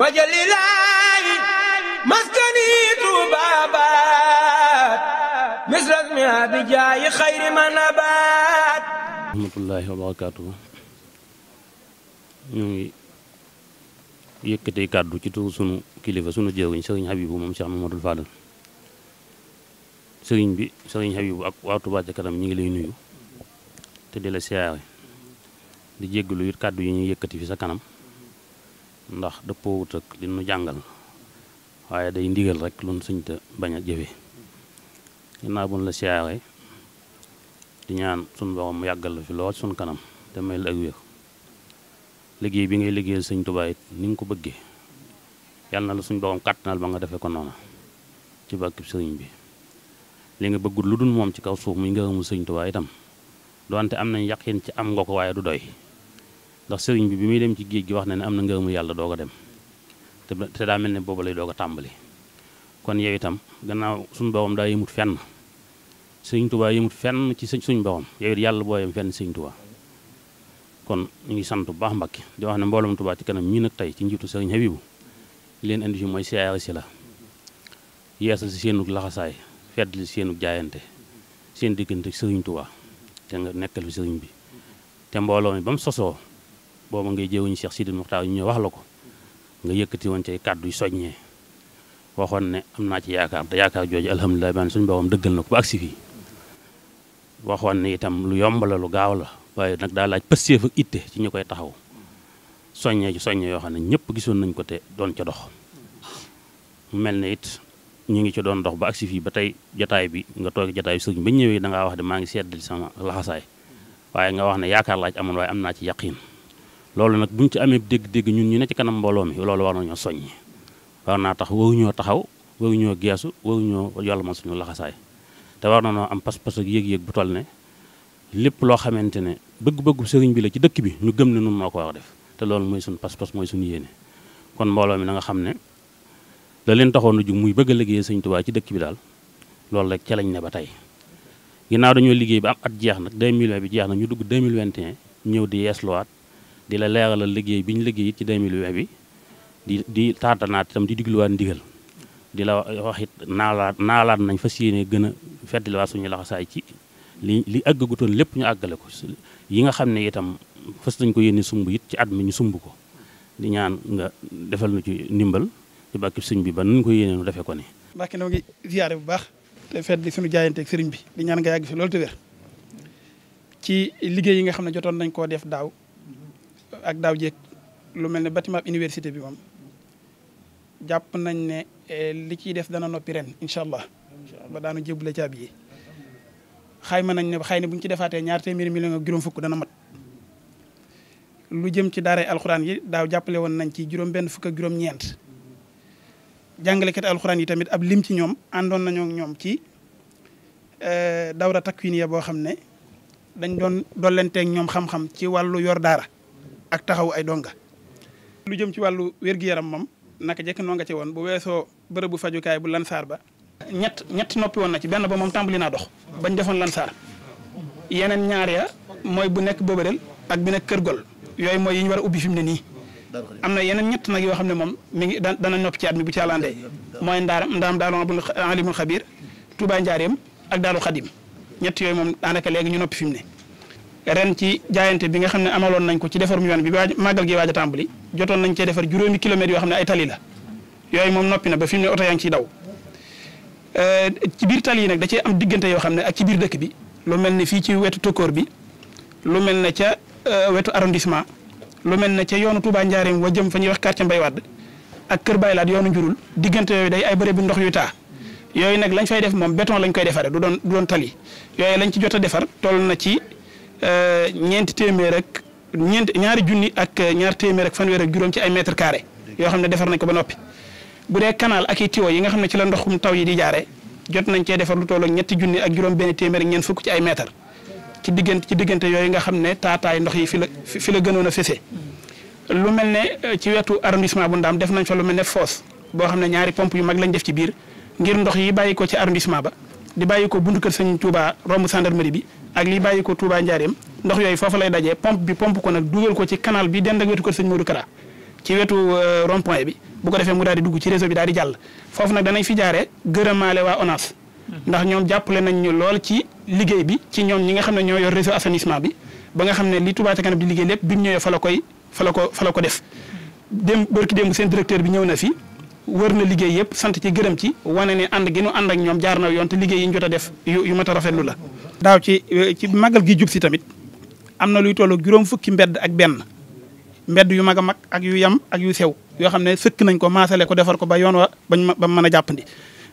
wajalilaahi maskani tuubaabaat misras mi abijaayi xayri manabaat rahmatullaahi wa barakaatuhu ñu ngi yëkkatee kàddu ci tur sunu kilifa sunu jëwriñ sëriñ Habibu moom Cheikh Mamadou Fadal sëriñ bi sëriñ Habibu ak waa Touba ca kanam ñu ngi lay nuyu te di la siyaare di jégglu it kàddu yi ñuy yëkkati fi sa kanam ndax dëppoowut ak li nu jàngal waaye day ndigal rek lu nu suñta bañ a jëfe ginnaaw bu nu la siyaare di ñaan sun borom mu yàggal la fi lool suñ kanam te may ak wér liggéey bi ngay liggéeyal sëñ Tuubaa ni nga ko bëggee yàlla na la suñ borom kàttanal ba nga defee ko noona ci bàkkib sëriñ bi li nga bëggul lu dul moom ci kaw suuf muy ngërëmu sëñ Tuubaa itam doonte am nañ yaqin ci am nga ko waaye du doy ndax sëriñ bi bi muy dem ci géej gi wax na ne am na ngërëmu yàlla doog a dem te te daa mel ne boobu lay doo ko tàmbali kon yow itam gannaaw suñu borom daa yëmut fenn sëriñ Tuubaa yëmut fenn ci suñu borom yow yàlla boo yem fenn sëriñ Tuubaa kon ñu ngi sant bu baax Mbàkke di wax ne mbooloom Tuubaa ci kanam ñii nag tey ci njiitu sëriñ Habibu li leen indi fi mooy siyaare si la yeesal si seenug laxasaay fedd si seenug jaayante seen diggante sëriñ Tuubaa te nga bi te mbooloo mi ba mu booba ngay jéewuñu Cheikh Sidil Muxtaar ñu ñëw wax la ko nga yëkkati woon cay kàddu yu soññee waxoon ne am naa ci yaakaar te yaakaar jooju alhamdulilah man suñu boobam dëggal na ko ba agsi fii itam lu yomb lu gaaw la waaye nag daa laaj pësteef ci ñu koy taxaw soññee ci soññee yoo xam ne ñëpp gisoon nañ ko te doon ca dox mel ne it ñu ngi ci doon dox ba agsi fii ba tey jotaay bi nga toog jataay bi sëriñ ba ñëwee da ngaa wax de maa ngi sedd sama laxasaay waaye nga wax ne yaakaar laaj amoon waaye am naa ci yaqiin loolu nag buñ ci amee dégg-dégg ñun ñu ne ci kanam mbooloo mi loolu war nañoo soññi war naa tax wawuñoo taxaw wawuñoo geesu wawuñoo yàlla man suñu laxasaay te war na noo am pas-pas ak yéeg-yéeg bu toll ne lépp loo xamante ne bëgg-bëggu sëriñ bi la ci dëkk bi ñu gëm ne nun noo ko wax def te loolu mooy suñu pas-pas mooy suñu yéene kon mbooloo mi na nga xam ne la leen taxoon a jug muy bëgg a liggéey sëñ Tuubaa ci dëkk bi daal loolu rek ca lañ ne ba tey ginnaaw dañoo liggéey ba am at jeex nag 2020 bi jeex na ñu dugg 2021 ñëw di yeesluwaat di la leeralal liggéey bi ñu liggéey ci 2020 bi di di naat itam di digluwaat ndigal di la wax it naalaat naalaat nañ fas yéene gën a feddaliwaat suñu laxasaay ci li li àggagutoon lépp ñu àggale ko yi nga xam ne itam fas nañ ko yéene sumb it ci at mi ñu sumb ko di ñaan nga defal nu ci ndimbal ci bàkki sëñ bi ba nañ ko yéene nu defee ko ne Mbàkke na ngi ziyaare bu baax te fet li suñu jaayanteeg sëriñ bi di ñaan nga yàgg fi loolu te wér ci liggéey yi nga xam ne jotoon nañ koo def daaw ak daaw jéeg lu mel ne bâtiment université bi moom jàpp nañ ne eh, li ciy des dana noppi ren incha allah ba daanu jébbale caabi yi xayma nañ ne xëy na bu ci defaate ñaar téeméeri million ak juróom fukk dana mat lu jëm ci daaray alxuraan yi daaw jàppale woon nañ ci juróom benn fukk ak juróom-ñeent jàngalekat alxuraan yi tamit ab lim ci ñoom àndoon nañoo ñoom ci eh, dawra takwin ya boo xam ne dañ doon dollanteeg ñoom xam-xam ci wàllu yor daara ak taxaw ay donga lu jëm ci wàllu wér yaram moom naka jekk noo nga ci woon bu weesoo bërëb bu fajukaay bu lansaar ba ñett ñett noppi woon na ci benn ba moom tàmbali naa dox bañ defoon lansaar yeneen ñaar bu nekk boobadeel ak bu kër gol yooyu mooy yi war ubbi fi mu ne nii am na yeneen ñett nag yoo xam ne moom mi ngi dana noppi ci at mi bu ci àllandee mooy ndaaram ndaam daalu alimul xabiir Touba Njaareem ak daalu xadim ñett yooyu moom daanaka léegi ñu noppi fi mu ne ren ci jaayante bi nga xam ne amaloon nañ ko ci defar defarum yoon bi waaj màggal gi waaj a tàmbali jotoon nañ cee defar juróomi kilomètres yoo xam ay tali yooyu moom noppi na ba fi mu ne oto yaa ngi daw euh, ci biir tali yi nag da cee am diggante yoo xam ne ak ci biir dëkk bi lu mel ne fii ci wetu tokkoor bi lu mel ne ca euh, wetu arrondissement lu mel ne ca yoonu Touba Njaareem wa jëm fa ñuy wax quartier Mbay Wadd ak Kër Baylaat yoonu njurul diggante yooyu day ay bëre ndox yuy taa yooyu nag lañ fay def moom béton lañ koy defaree du doon du tali yooyu lañ ci jot a defar toll na ci Euh, ñeenti téeméer ak ñeent ñaari junni ak euh, ñaar téeméer ak fanweer ak juróom ci ay mètre carré yoo xam ne defar nañ ko ba noppi bu dee canal ak i tuyaux yi nga xam ne ci la ndoxum taw yi di jaare jot nañ cee defar lu toll ak ñetti junni ak juróom benn téeméer ak ci ay mètre ci diggante ci yooyu nga xam ne taataay ndox yi fi la fi la gënoon a fese lu mel ne euh, ci wetu arrondissement bu ndam def nañ fa lu mel ne foos boo xam ne ñaari pompe yu mag lañ def ci biir ngir ndox yi bàyyi ko ci arrondissement ba li bàyyi ko buntu kër sëñ Touba romb gendarmerie bi ak li bàyyi ko Touba Njaareem ndox yooyu foofu lay dajee pomp bi pomp ko nag dugal ko ci canal bi den ak wetu kër sëñ Modou Kara ci wetu euh, rond point bi bu ko defee mu daal di dugg ci réseau bi daal di jàll foofu nag danañ fi jaaree gërëmaale waa ONAS ndax ñoom jàppale nañ ñu lool ci liggéey bi ci ñoom ñi nga xam ne ñoo yor réseau assainissement bi ba nga xam ne li Touba ca kanam di liggéey lépp bi mu ñëwee koy fa ko fa la ko def dem bërki démb seen directeur bi ñëw na fi wër na liggéey yëpp sant ci gërëm ci wane ne ànd gi nu ànd ak ñoom jaar na yoon te liggéey yi ñu a def yu yu mat rafetlu la. daaw ci eh, ci màggal gi jub si tamit am na luy tollu juróom fukki mbedd ak benn mbedd yu mag a mag ak yu yam ak yu sew yoo xam ne sëkk nañ ko maasale ko defar ko ba yoon wa bañ ma ba mën a jàppandi.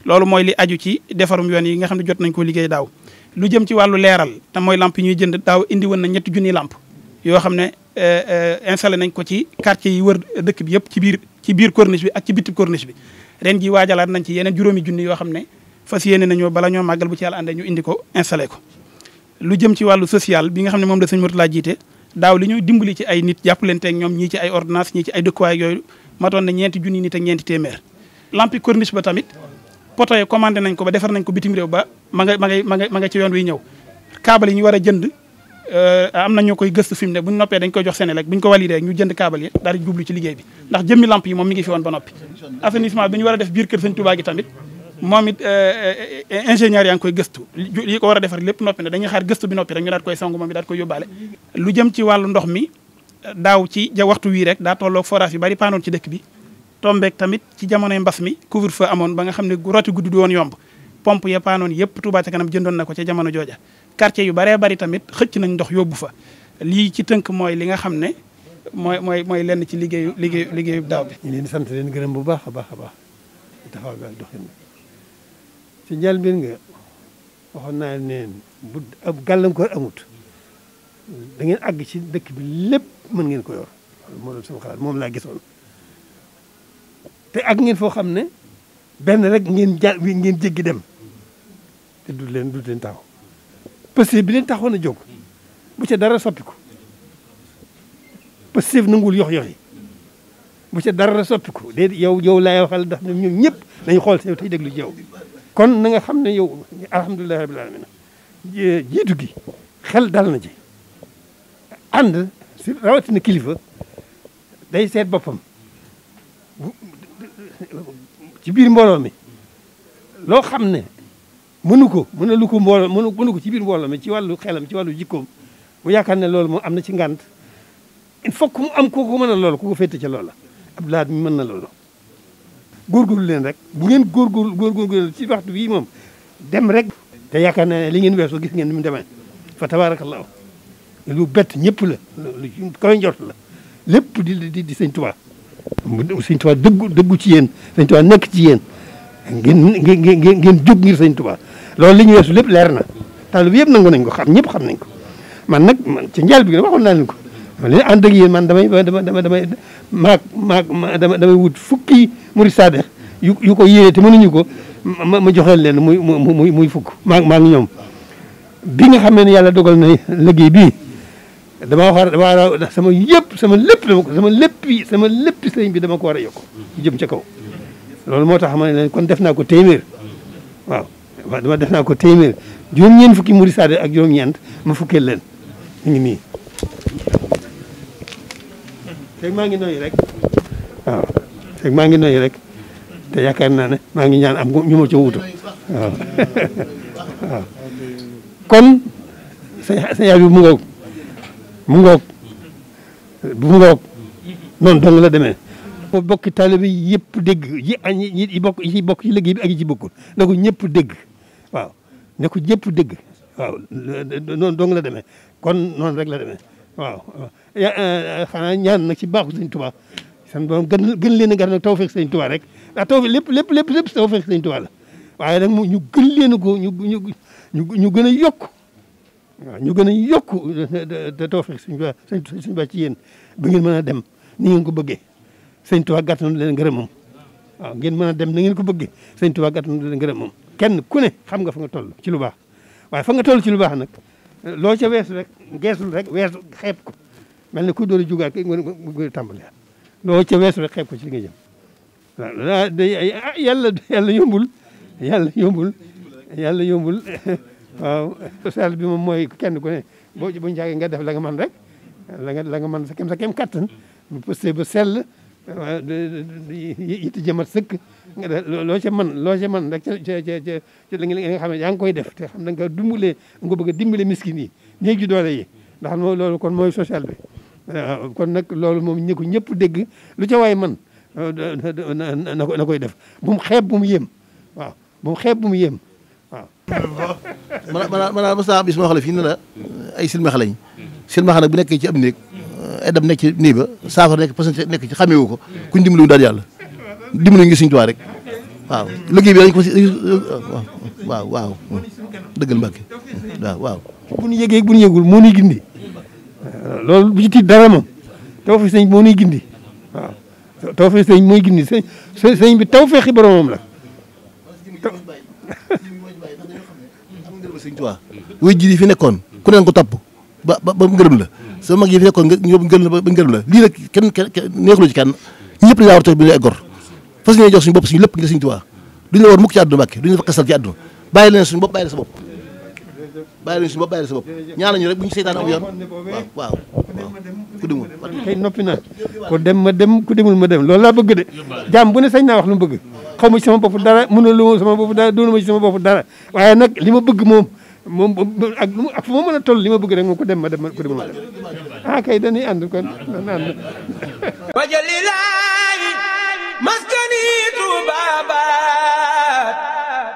loolu mooy li aju ci defarum yoon yi nga xam ne jot nañ ko liggéey daaw lu jëm ci wàllu leeral te mooy lamp yi ñuy jënd daaw indi woon na ñetti junniy lamp yoo xam ne Euh, euh, installé nañ ko ci quartier yi wër dëkk bi yëpp ci biir ci biir corniche bi ak ci bitti corniche bi ren ji waajalaat nañ ci yeneen juróomi junni yoo xam ne fas yéene nañoo bala ñoo màggal bu ci yàlla àndee ñu indi ko installé ko lu jëm ci wàllu social bi nga xam ne moom la sëñ Mourtala jiite daaw li ñu dimbali ci ay nit jàppalanteeg ñoom ñii ci ay ordonnance ñii ci ay dëkkuwaay yooyu matoon na ñeenti junni nit ak ñeenti téeméer lampi corniche ba tamit poto yi nañ ko ba defar nañ ko bitim réew ba ma nga ma ma nga yoon wi ñëw câble yi ñu war Euh, am na ñoo koy gëstu fi mu ne bu ñu noppee dañ koy jox Senelec bu ñu ko validé ñu jënd câble yi daal di jublu ci liggéey bi ndax jëmmi lamp yi moom mi ngi fi woon ba noppi assainissement bi ñu a def moom it euh, euh, ingénieur yaa ngi koy gëstu li ko war a defar lépp noppi ne dañuy xaar gëstu bi noppi rek ñu daat koy sangu moom it daat koy yóbbaale lu jëm ci wàllu ndox mi daaw ci ja waxtu wii rek daa tolloog forage yu bari paanoon ci dëkk bi tombeek tamit ci jamonoy mbas mi couvre feu amoon ba nga xam ne rooti guddi du woon yomb pompe ya paanoon yëpp Touba ca kanam jëndoon na ko ca jamono jooja quartier yu baree bari tamit xëcc nañ ndox yóbbu fa lii ci tënk mooy li nga xam ne mooy mooy mooy lenn ci liggéeyu liggéeyu liggéeyu daaw bi. ñu leen di sant leen gërëm bu baax baax baax di taxaw bi ak doxin ci njëlbéen nga waxoon naa ne bu ab gàllankoor amut da ngeen àgg ci dëkk bi lépp mën ngeen ko yor moo doon sama moom laa gisoon te ak ngeen foo xam ne benn rek ngeen ja ngeen jéggi dem te du leen du leen taxaw. Pastef bi leen taxoon a jóg bu ca dara soppiku Pastef nanguwul yox yox yi bu ca dara soppiku déet yow yow laay waxal ndax ñoom ñëpp nañu xool si yow tey déglu yow kon na nga xam ne yow alhamdulilah rabbil alamin jiitu gi xel dal na ci ànd si rawatina kilifa day seet boppam ci biir mbooloo mi loo xam ne mënu ko mën a lu ko mbooloo mënu mënu ko ci biir mbooloo mi ci wàllu xelam ci wàllu jikkoom mu yaakaar ne loolu moom am na ci ngànt il faut que mu am koo ko mën a loolu ku ko féete ca loola ab laat mi mën na loolu góorgóorlu leen rek bu ngeen góorgóorlu góorgóorlu ci waxtu bii moom dem rek te yaakaar naa ne li ngeen weesoo gis ngeen ni mu demee fa tabaarakallaahu lu bett ñëpp la lu koy njort la lépp di di di sëñ Tuubaa sëñ Tuubaa dëggu dëggu ci yéen sëñ Tuubaa nekk ci yéen ngeen ngeen ngeen jóg ngir sëñ Tuubaa loolu li ñu weesu lépp leer na taal bi yëpp nangu nañ ko xam ñëpp xam nañ ko man nag ma ci njël bi waxoon naa leen ko ma li ànd ak yéen man damay dama dama damay maag ma dama damay wut fukki murid sadex yu yu ko yéene te mënuñu ko ma ma joxeel leen muy muy muy fukk maa maa ngi ñoom bi nga xamee ne yàlla dogal na liggéey bii dama war dama war sama yëpp sama lépp dama ko sama léppi sama léppi sëriñ bi dama ko war a yokk jëm ca kaw loolu moo tax ma ne leen kon def naa ko téeméer waaw def naa ko téeméer juróom-ñeent fukki murid saade ak juróom-ñeent ma fukkee leen mu ngi nii. teg maa ngi noyyi rek maa ngi noyyi rek te yaakaar naa ne maa ngi ñaan am ñu ma ca wutu waaw waaw kon sa sa yaay bi mu mu ngoog bu mu ngoog noonu dong la demee. ba bokki taalibe yi yëpp dégg yi yi bokk yi bokk ci liggéey bi ak ci bokkul na ñëpp dégg waaw ne ko ñëpp dégg waaw noonu dong la demee kon noonu rek la demee waaw eh, eh, xanaa ñaan nag ci baaxu sëñ Tuubaa san borom leen a gar nag tawfeex sëñ rek ndax tawfeex lépp lépp lépp lépp tawfeex sëñ Tuubaa la waaye nag ñu gën leen ko ñu ñu ñu gën a yokk waaw ñu gën a yokk te tawfeex sëñ Tuubaa sëñ ci yéen ba ngeen mën a dem ni ngeen ko bëggee sëñ Tuubaa gàttanu leen ngërëmam waaw ngeen mën a dem na ngeen ko bëggee sëñ Tuubaa gàttanu leen ngërëmam kenn ku ne xam nga fa nga toll ci lu baax waaye fa nga toll ci lu baax nag loo ca weesu rek geesul rek weesu xeeb ko mel ne ku door a jugaat ko nga tàmbali loo ca weesu rek xeeb ci li nga jëm waaw ah, yàlla yàlla yombul yàlla yombul yàlla yombul waaw bi moom mooy kenn ku ne boo buñu jaagee nga def la nga man rek la nga la nga mën sa kem kattan bu pëstee waaw it jëmat sëkk loo ca man loo ca man rek ca ca ca nga xam ne yaa ngi koy def te xam da nga ko dimbalee nga bëgg a dimbale miskin yi néeg ji doole yi ndax loolu kon mooy social bi kon nag loolu moom ñi ñëpp dégg lu ca waay man na koy def bu mu xeeb bu mu yéem waaw bu mu xeeb bu mu yéem waaw mana mana mana mos naa am bis moo xam fii ne la ay silmaxa lañ silmaxa nag bu nekkee ci am néeg Edam eh, nekk ci nii ba saafara nekk pourcentage nekk ci xamewu ko kuñ dimbali wu daal yàlla dimbali ngi Sëñ Tuubaa rek waaw liggéey bi dañ ko si waaw waaw dëggal Mbàkke waaw waaw. bu ñu yëgee bu ñu yëgul moo ñuy gindi loolu bu ci tiit dara moom tawfeex sëñ moo ñuy gindi waaw tawfeex sëñ mooy gindi sëñ sëñ bi tawfeexi boromam la. taw. wéy ji di fi nekkoon ku neen ko topp. ba ba mu gërëm la sama mag yi fi nekkoon nga ñoom gën la ba gërëm la lii nag kenn kenn neexuloo ci kenn ñëpp dañu war a toog bi ñu ay gor fas ñuy jox suñu bopp suñu lépp ngir suñu Tuubaa duñu la war mukk ci àdduna Mbàkke duñu la fa kasal ci àdduna bàyyi leen suñu bopp bàyyi la sa bopp bàyyi leen suñu bopp bàyyi la sa bopp ñaan lañu rek bu ñu seytaan am yoon waaw waaw ku demul kay noppi naa ku dem ma dem ku demul ma dem loolu laa bëgg de jàmm bu ne sañ naa wax lu mu bëgg xamu ci sama bopp dara mënul lu sama bopp dara doonu ma ci sama bopp dara waaye nag li ma bëgg moom moom ma mën a li ma bëgg rek moom dem ma dem ko dem ma dem ah kay dañuy ànd kon dañuy ànd wajalilaahi maskani tuuba baat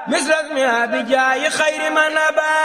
misras mi abijaayi xayri ma nabaat